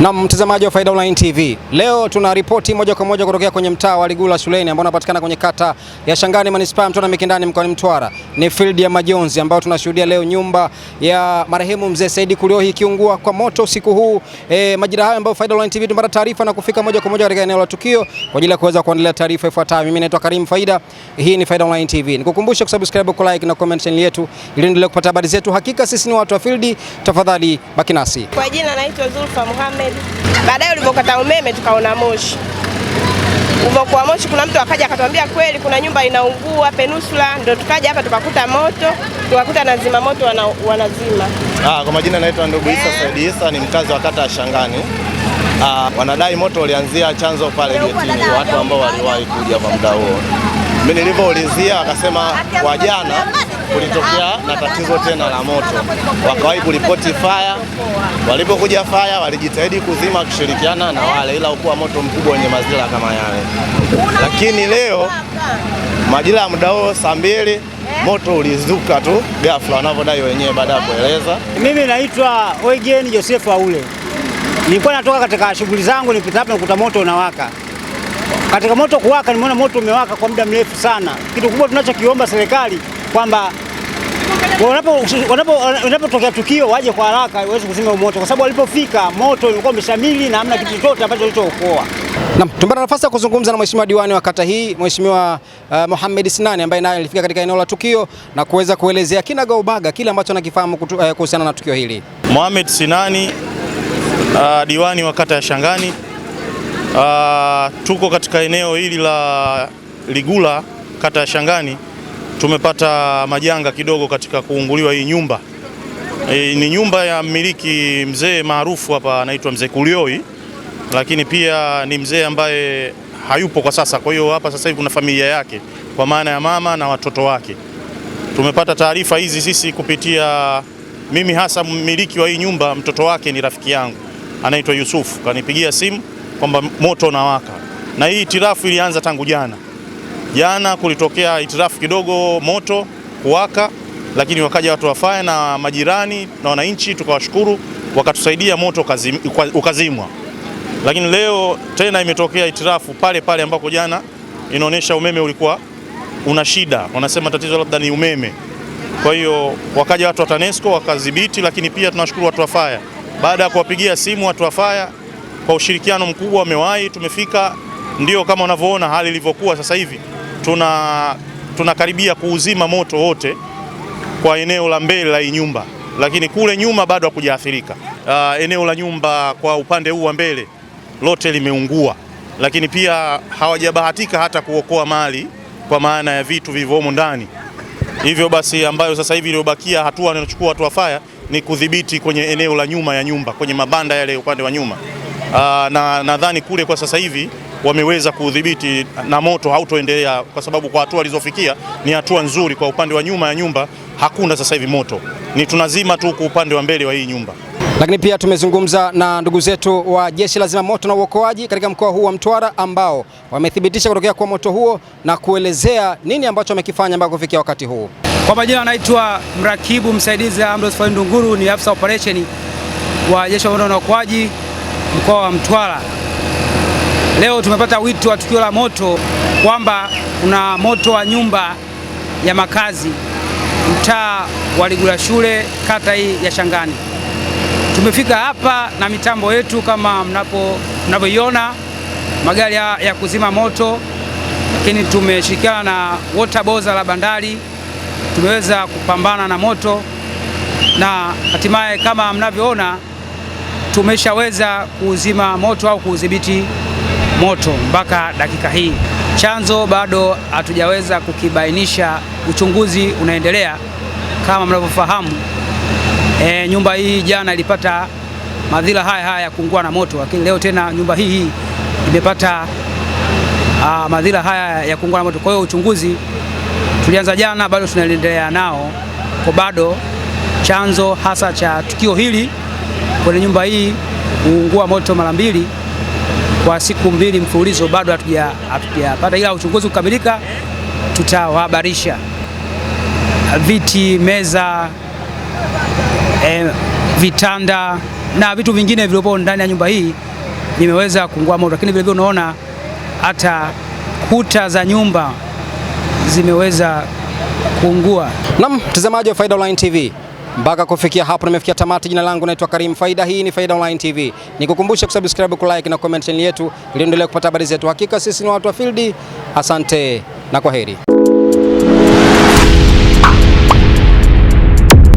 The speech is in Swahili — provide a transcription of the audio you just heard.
Na mtazamaji wa Faida Online TV, leo tuna ripoti moja kwa moja kutokea kwenye mtaa wa Ligula shuleni ambao unapatikana kwenye kata ya Shangani manispaa ya Mtwara Mikindani mkoani Mtwara. Ni field ya majonzi ambayo tunashuhudia leo nyumba ya marehemu mzee Saidi Kuliohi ikiungua kwa moto usiku huu e, majira hayo ambayo Faida Online TV tumepata taarifa na kufika moja kwa moja katika eneo la tukio kwa ajili ya kuweza kuendelea taarifa ifuatayo. Mimi naitwa Karim Faida, hii ni Faida Online TV. Nikukumbusha kusubscribe, ku like na comment channel yetu ili endelee kupata habari zetu. Hakika sisi ni watu wa field, tafadhali baki nasi. Kwa jina naitwa Zulfa Muhammad Baadaye ulivyokata umeme tukaona moshi. Ulivyokuwa moshi, kuna mtu akaja akatuambia kweli kuna nyumba inaungua Penusula, ndio tukaja hapa tukakuta moto, tukakuta na zima moto wana, wanazima. Ah, kwa majina naitwa ndugu Isa eh. Said Isa, ni mkazi wa kata ya Shangani. Ah, wanadai moto ulianzia chanzo pale getini, watu ambao waliwahi kuja kwa muda huo. Mimi nilivyoulizia wakasema wajana kulitokea na tatizo tena la moto, wakawahi kuripoti faya. Walipokuja faya, walijitahidi kuzima wakishirikiana na wale, ila ukuwa moto mkubwa wenye mazila kama yale. Lakini leo majira ya muda huo saa mbili moto ulizuka tu ghafla, wanavyodai wenyewe baada ya kueleza. Mimi naitwa Oigen Joseph Aule, nilikuwa natoka katika shughuli zangu, nipita hapa nikuta moto unawaka katika moto kuwaka, nimeona moto umewaka kwa muda mrefu sana. Kitu kubwa tunachokiomba serikali kwamba wanapotokea tukio waje kwa haraka waweze kuzima moto, kwa sababu walipofika moto ulikuwa umeshamili na hamna kitu chochote ambacho kilichookoa. Naam, tumepata nafasi ya kuzungumza na mheshimiwa diwani wa kata hii Mheshimiwa uh, Mohamed Sinani ambaye naye alifika katika eneo la tukio na kuweza kuelezea kinagaubaga kile ambacho anakifahamu uh, kuhusiana na tukio hili. Mohamed Sinani, uh, diwani wa kata ya Shangani. Uh, tuko katika eneo hili la Ligula kata ya Shangani tumepata majanga kidogo katika kuunguliwa hii nyumba. E, ni nyumba ya mmiliki mzee maarufu hapa anaitwa mzee Kulioi, lakini pia ni mzee ambaye hayupo kwa sasa. Kwa hiyo hapa sasa hivi kuna familia yake kwa maana ya mama na watoto wake. Tumepata taarifa hizi sisi kupitia mimi, hasa mmiliki wa hii nyumba, mtoto wake ni rafiki yangu anaitwa Yusufu, kanipigia simu kwamba moto unawaka, na hii tirafu ilianza tangu jana. Jana kulitokea itirafu kidogo, moto kuwaka, lakini wakaja watu wafaya na majirani na wananchi, tukawashukuru wakatusaidia, moto ukazimwa. Lakini leo tena imetokea itirafu pale pale ambako jana, inaonyesha umeme ulikuwa una shida, wanasema tatizo labda ni umeme. Kwa hiyo wakaja watu wa TANESCO wakadhibiti, lakini pia tunashukuru watu wa faya. Baada ya kuwapigia simu watu wa faya, kwa ushirikiano mkubwa wamewahi, tumefika. Ndio kama unavyoona hali ilivyokuwa sasa hivi tuna tunakaribia kuuzima moto wote kwa eneo la mbele la nyumba, lakini kule nyuma bado hakujaathirika. Uh, eneo la nyumba kwa upande huu wa mbele lote limeungua, lakini pia hawajabahatika hata kuokoa mali kwa maana ya vitu vilivyomo ndani. Hivyo basi, ambayo sasa hivi iliyobakia, hatua inachukua watu wa faya ni kudhibiti kwenye eneo la nyuma ya nyumba, kwenye mabanda yale upande wa nyuma. Uh, na nadhani kule kwa sasa hivi wameweza kudhibiti na moto hautoendelea, kwa sababu kwa hatua alizofikia ni hatua nzuri. Kwa upande wa nyuma ya nyumba hakuna sasa hivi moto, ni tunazima tu kwa upande wa mbele wa hii nyumba. Lakini pia tumezungumza na ndugu zetu wa Jeshi la Zimamoto na Uokoaji katika mkoa huu wa Mtwara ambao wamethibitisha kutokea kwa moto huo na kuelezea nini ambacho wamekifanya mpaka kufikia wakati huu. Kwa majina anaitwa mrakibu msaidizi Ambrose Faindunguru, ni afisa operation wa Jeshi la Zimamoto na Uokoaji mkoa wa Mtwara. Leo tumepata wito wa tukio la moto kwamba kuna moto wa nyumba ya makazi mtaa wa Ligula shule kata hii ya Shangani. Tumefika hapa na mitambo yetu kama mnavyoiona, magari ya, ya kuzima moto, lakini tumeshirikiana na water boza la bandari, tumeweza kupambana na moto na hatimaye kama mnavyoona tumeshaweza kuuzima moto au kuudhibiti moto mpaka dakika hii. Chanzo bado hatujaweza kukibainisha, uchunguzi unaendelea. Kama mnavyofahamu, e, nyumba hii jana ilipata madhila haya haya ya kuungua na moto, lakini leo tena nyumba hii hii imepata madhila haya ya kuungua na moto. Kwa hiyo uchunguzi tulianza jana, bado tunaendelea nao, kwa bado chanzo hasa cha tukio hili kwenye nyumba hii kuungua moto mara mbili kwa siku mbili mfululizo bado hatujapata, ila uchunguzi kukamilika, tutawahabarisha. Viti, meza, e, vitanda na vitu vingine vilivyopo ndani ya nyumba hii vimeweza kuungua moto, lakini vilevile unaona hata kuta za nyumba zimeweza kuungua. Naam, mtazamaji wa Faida Online TV. Mpaka kufikia hapo nimefikia tamati. Jina langu naitwa Karim Faida, hii ni Faida Online TV. Nikukumbushe kusubscribe, kulike na comment channel yetu ili endelee kupata habari zetu. Hakika sisi ni watu wa field. Asante na kwa heri.